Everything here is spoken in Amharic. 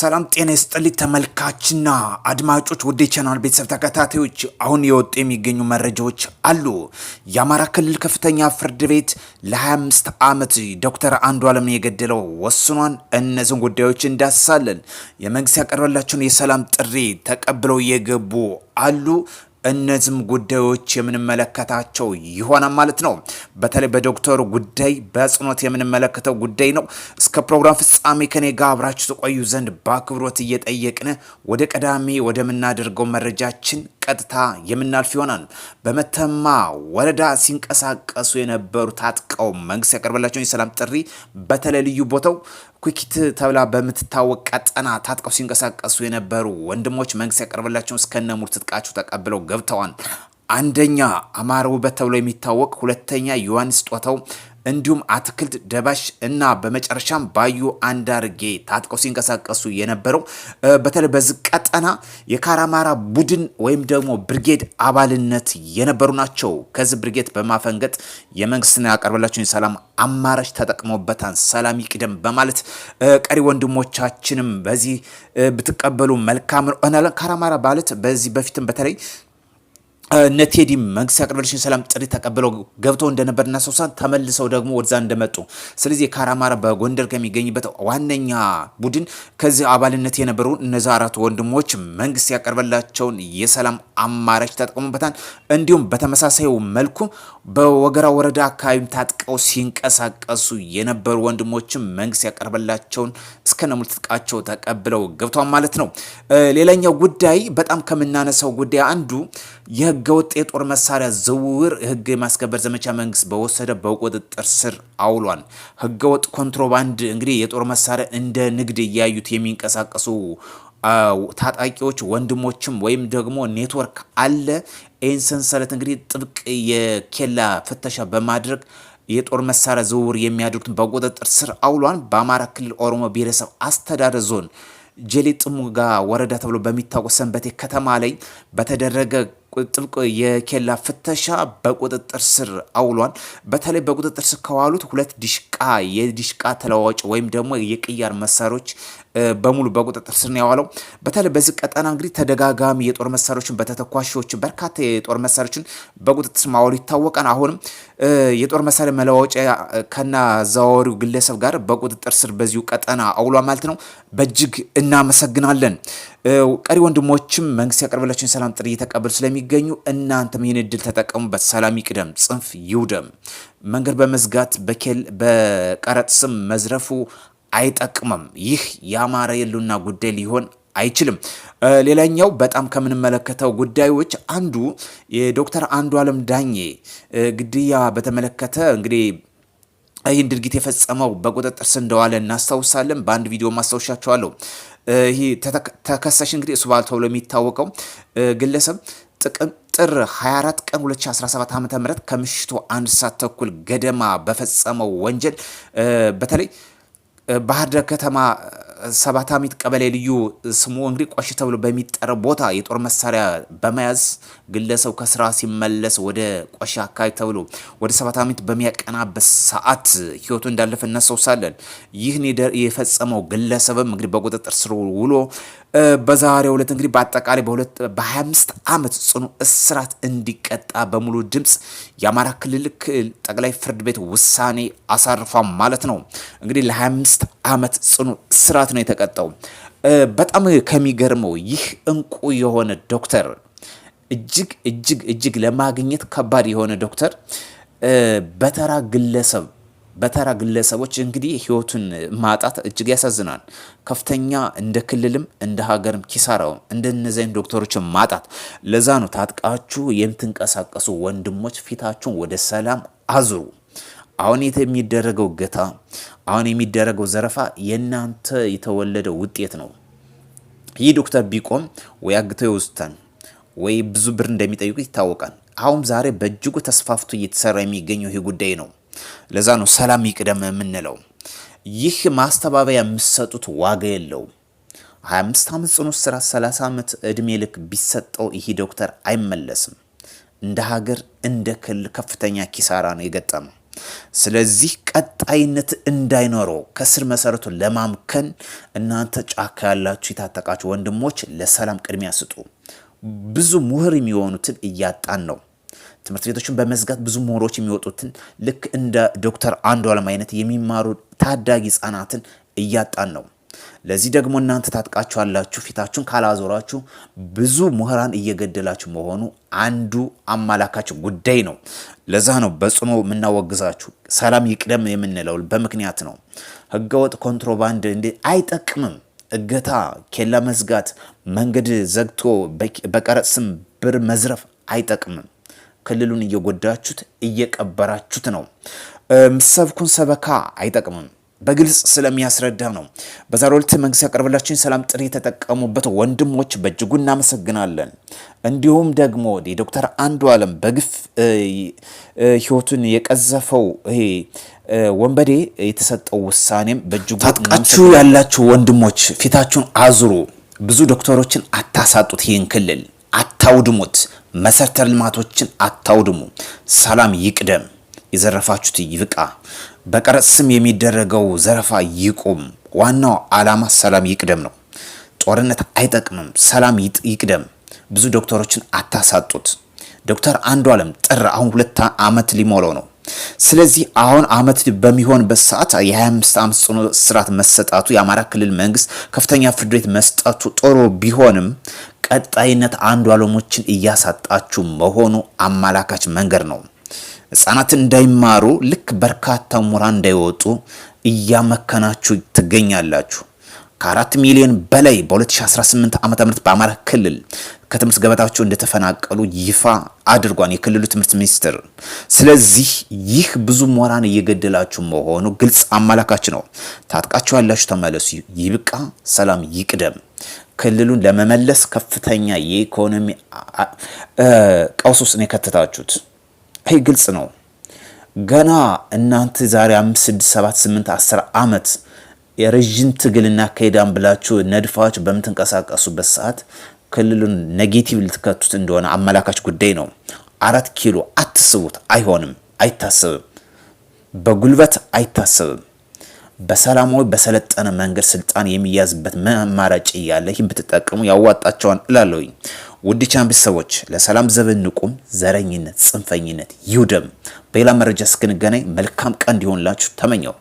ሰላም ጤና ይስጥልኝ ተመልካችና አድማጮች፣ ወደ ቻናል ቤተሰብ ተከታታዮች፣ አሁን የወጡ የሚገኙ መረጃዎች አሉ። የአማራ ክልል ከፍተኛ ፍርድ ቤት ለ25 ዓመት ዶክተር አንዱዓለምን የገደለው ወስኗን እነዚህን ጉዳዮች እንዳስሳለን። የመንግስት ያቀርበላቸውን የሰላም ጥሪ ተቀብለው የገቡ አሉ። እነዚህም ጉዳዮች የምንመለከታቸው ይሆናል ማለት ነው። በተለይ በዶክተሩ ጉዳይ በጽኖት የምንመለከተው ጉዳይ ነው። እስከ ፕሮግራም ፍጻሜ ከኔ ጋር አብራችሁ ተቆዩ ዘንድ በአክብሮት እየጠየቅን ወደ ቀዳሚ ወደምናደርገው መረጃችን ቀጥታ የምናልፍ ይሆናል። በመተማ ወረዳ ሲንቀሳቀሱ የነበሩ ታጥቀው መንግስት ያቀርበላቸውን የሰላም ጥሪ በተለይ ልዩ ቦታው ኩኪት ተብላ በምትታወቅ ቀጠና ታጥቀው ሲንቀሳቀሱ የነበሩ ወንድሞች መንግስት ያቀርበላቸውን እስከነ ሙሉ ትጥቃቸው ተቀብለው ገብተዋል። አንደኛ አማረ ውበት ተብሎ የሚታወቅ፣ ሁለተኛ ዮሐንስ ጦታው እንዲሁም አትክልት ደባሽ እና በመጨረሻም ባዩ አንዳርጌ ታጥቀው ሲንቀሳቀሱ የነበረው በተለይ በዚህ ቀጠና የካራማራ ቡድን ወይም ደግሞ ብርጌድ አባልነት የነበሩ ናቸው። ከዚህ ብርጌድ በማፈንገጥ የመንግስትን ያቀርበላቸውን የሰላም አማራጭ ተጠቅሞበታል። ሰላም ይቅደም በማለት ቀሪ ወንድሞቻችንም በዚህ ብትቀበሉ መልካም ነው ካራማራ ማለት በዚህ በፊትም በተለይ እነ ቴዲ መንግስት ያቀረበልሽን ሰላም ጥሪ ተቀብለው ገብተው እንደነበር እናስታውሳለን። ተመልሰው ደግሞ ወደዛ እንደመጡ ስለዚህ የካራማራ በጎንደር ከሚገኝበት ዋነኛ ቡድን ከዚህ አባልነት የነበሩ እነዚህ አራት ወንድሞች መንግስት ያቀርበላቸውን የሰላም አማራጭ ተጠቅሙበታል። እንዲሁም በተመሳሳዩ መልኩ በወገራ ወረዳ አካባቢ ታጥቀው ሲንቀሳቀሱ የነበሩ ወንድሞችም መንግስት ያቀርበላቸውን እስከ ነሙሉ ትጥቃቸው ተቀብለው ገብቷል ማለት ነው። ሌላኛው ጉዳይ በጣም ከምናነሳው ጉዳይ አንዱ የህገወጥ የጦር መሳሪያ ዝውውር ህግ የማስከበር ዘመቻ መንግስት በወሰደ በቁጥጥር ስር አውሏል። ህገወጥ ኮንትሮባንድ እንግዲህ የጦር መሳሪያ እንደ ንግድ እያዩት የሚንቀሳቀሱ ታጣቂዎች ወንድሞችም ወይም ደግሞ ኔትወርክ አለ። ይህን ሰንሰለት እንግዲህ ጥብቅ የኬላ ፍተሻ በማድረግ የጦር መሳሪያ ዝውውር የሚያደርጉትን በቁጥጥር ስር አውሏን። በአማራ ክልል ኦሮሞ ብሔረሰብ አስተዳደር ዞን ጀሌ ጥሙጋ ወረዳ ተብሎ በሚታወቅ ሰንበቴ ከተማ ላይ በተደረገ ጥብቅ የኬላ ፍተሻ በቁጥጥር ስር አውሏል። በተለይ በቁጥጥር ስር ከዋሉት ሁለት ዲሽቃ የዲሽቃ ተለዋዋጭ ወይም ደግሞ የቅያር መሳሪያዎች በሙሉ በቁጥጥር ስር ነው ያዋለው። በተለይ በዚህ ቀጠና እንግዲህ ተደጋጋሚ የጦር መሳሪያዎችን በተተኳሾችን በርካታ የጦር መሳሪያዎችን በቁጥጥር ስር ማዋሉ ይታወቃል። አሁንም የጦር መሳሪያ መለዋወጫ ከና ዘዋወሪው ግለሰብ ጋር በቁጥጥር ስር በዚሁ ቀጠና አውሏ ማለት ነው። በእጅግ እናመሰግናለን። ቀሪ ወንድሞችም መንግስት ያቀርበላችሁን ሰላም ጥሪ እየተቀበሉ ስለሚገኙ እናንተም ይህን እድል ተጠቀሙበት። ሰላም ይቅደም፣ ጽንፍ ይውደም። መንገድ በመዝጋት በኬል በቀረጥ ስም መዝረፉ አይጠቅምም። ይህ የአማራ የሉና ጉዳይ ሊሆን አይችልም። ሌላኛው በጣም ከምንመለከተው ጉዳዮች አንዱ የዶክተር አንዱዓለም ዳኜ ግድያ በተመለከተ እንግዲህ ይህን ድርጊት የፈጸመው በቁጥጥር ስር እንደዋለ እናስታውሳለን። በአንድ ቪዲዮ ማስታወሻቸዋለሁ። ይህ ተከሳሽ እንግዲህ እሱ ባል ተብሎ የሚታወቀው ግለሰብ ጥቅም ጥር 24 ቀን 2017 ዓ ም ከምሽቱ አንድ ሰዓት ተኩል ገደማ በፈጸመው ወንጀል በተለይ ባህር ዳር ከተማ ሰባታሚት ቀበሌ ልዩ ስሙ እንግዲህ ቆሽ ተብሎ በሚጠራው ቦታ የጦር መሳሪያ በመያዝ ግለሰቡ ከስራ ሲመለስ ወደ ቆሽ አካባቢ ተብሎ ወደ ሰባታሚት በሚያቀናበት ሰዓት ህይወቱ እንዳለፈ እናስታውሳለን። ይህን የፈጸመው ግለሰብም እንግዲህ በቁጥጥር ስር ውሎ በዛሬው ዕለት እንግዲህ በአጠቃላይ በ25 ዓመት ጽኑ እስራት እንዲቀጣ በሙሉ ድምፅ የአማራ ክልል ጠቅላይ ፍርድ ቤት ውሳኔ አሳርፏል ማለት ነው። እንግዲህ ለ25 ዓመት ጽኑ እስራት ነው የተቀጣው። በጣም ከሚገርመው ይህ እንቁ የሆነ ዶክተር እጅግ እጅግ እጅግ ለማግኘት ከባድ የሆነ ዶክተር በተራ ግለሰብ በተራ ግለሰቦች እንግዲህ ህይወቱን ማጣት እጅግ ያሳዝናል። ከፍተኛ እንደ ክልልም እንደ ሀገርም ኪሳራው እንደነዚያን ዶክተሮችን ማጣት። ለዛ ነው ታጥቃችሁ የምትንቀሳቀሱ ወንድሞች ፊታችሁን ወደ ሰላም አዙሩ። አሁን የሚደረገው እገታ፣ አሁን የሚደረገው ዘረፋ የእናንተ የተወለደ ውጤት ነው። ይህ ዶክተር ቢቆም ወይ አግተው ይወስዱታል ወይ ብዙ ብር እንደሚጠይቁ ይታወቃል። አሁን ዛሬ በእጅጉ ተስፋፍቶ እየተሰራ የሚገኘው ይህ ጉዳይ ነው። ለዛ ነው ሰላም ይቅደም የምንለው። ይህ ማስተባበያ የምሰጡት ዋጋ የለውም። 25 ዓመት ጽኑ እስራት፣ 30 ዓመት ዕድሜ ልክ ቢሰጠው ይህ ዶክተር አይመለስም። እንደ ሀገር እንደ ክልል ከፍተኛ ኪሳራ ነው የገጠመው። ስለዚህ ቀጣይነት እንዳይኖረው ከስር መሰረቱ ለማምከን እናንተ ጫካ ያላችሁ የታጠቃችሁ ወንድሞች ለሰላም ቅድሚያ ስጡ። ብዙ ምሁር የሚሆኑትን እያጣን ነው። ትምህርት ቤቶችን በመዝጋት ብዙ ምሁሮች የሚወጡትን ልክ እንደ ዶክተር አንዱዓለም አይነት የሚማሩ ታዳጊ ህጻናትን እያጣን ነው። ለዚህ ደግሞ እናንተ ታጥቃችኋላችሁ፣ ፊታችሁን ካላዞራችሁ ብዙ ምሁራን እየገደላችሁ መሆኑ አንዱ አመላካች ጉዳይ ነው። ለዛ ነው በጽኑ የምናወግዛችሁ። ሰላም ይቅደም የምንለው በምክንያት ነው። ህገወጥ ኮንትሮባንድ እንዴ አይጠቅምም። እገታ፣ ኬላ መዝጋት፣ መንገድ ዘግቶ በቀረጥ ስም ብር መዝረፍ አይጠቅምም። ክልሉን እየጎዳችሁት እየቀበራችሁት ነው። ምሰብኩን ሰበካ አይጠቅምም። በግልጽ ስለሚያስረዳ ነው። በዛሬው ዕለት መንግስት ያቀርብላችን ሰላም ጥሪ የተጠቀሙበት ወንድሞች በእጅጉ እናመሰግናለን። እንዲሁም ደግሞ ዶክተር አንዱ አለም በግፍ ህይወቱን የቀዘፈው ይሄ ወንበዴ የተሰጠው ውሳኔም በእጅጉ ታጥቃችሁ ያላችሁ ወንድሞች ፊታችሁን አዙሩ። ብዙ ዶክተሮችን አታሳጡት። ይህን ክልል አታውድሙት። መሰረተ ልማቶችን አታውድሙ። ሰላም ይቅደም። የዘረፋችሁት ይብቃ፣ በቀረጥ ስም የሚደረገው ዘረፋ ይቁም። ዋናው ዓላማ ሰላም ይቅደም ነው። ጦርነት አይጠቅምም፣ ሰላም ይቅደም። ብዙ ዶክተሮችን አታሳጡት። ዶክተር አንዱ አለም ጥር አሁን ሁለት ዓመት ሊሞላው ነው። ስለዚህ አሁን ዓመት በሚሆንበት ሰዓት የ25 ዓመት ጽኑ እስራት መሰጣቱ የአማራ ክልል መንግስት ከፍተኛ ፍርድ ቤት መስጠቱ ጥሩ ቢሆንም ቀጣይነት አንዱ አለሞችን እያሳጣችሁ መሆኑ አመላካች መንገድ ነው። ህጻናት እንዳይማሩ ልክ በርካታ ምሁራን እንዳይወጡ እያመከናችሁ ትገኛላችሁ። ከአራት ሚሊዮን በላይ በ2018 ዓ ም በአማራ ክልል ከትምህርት ገበታቸው እንደተፈናቀሉ ይፋ አድርጓል የክልሉ ትምህርት ሚኒስትር። ስለዚህ ይህ ብዙ ምሁራን እየገደላችሁ መሆኑ ግልጽ አመላካች ነው። ታጥቃችሁ ያላችሁ ተመለሱ፣ ይብቃ፣ ሰላም ይቅደም። ክልሉን ለመመለስ ከፍተኛ የኢኮኖሚ ቀውስ ውስጥ ነው የከተታችሁት። ይህ ግልጽ ነው። ገና እናንተ ዛሬ 5፣ 6፣ 7፣ 8፣ 10 ዓመት የረዥም ትግልና እናካሄዳን ብላችሁ ነድፋችሁ በምትንቀሳቀሱበት ሰዓት ክልሉን ኔጌቲቭ ልትከቱት እንደሆነ አመላካች ጉዳይ ነው። አራት ኪሎ አትስቡት። አይሆንም፣ አይታሰብም። በጉልበት አይታሰብም። በሰላማዊ በሰለጠነ መንገድ ስልጣን የሚያዝበት አማራጭ እያለ ይህን ብትጠቀሙ ያዋጣቸዋል እላለሁኝ። ውድ ቻምፒስ ሰዎች ለሰላም ዘብ ንቁም። ዘረኝነት፣ ጽንፈኝነት ይውደም። በሌላ መረጃ እስክንገናኝ መልካም ቀን እንዲሆንላችሁ ተመኘው።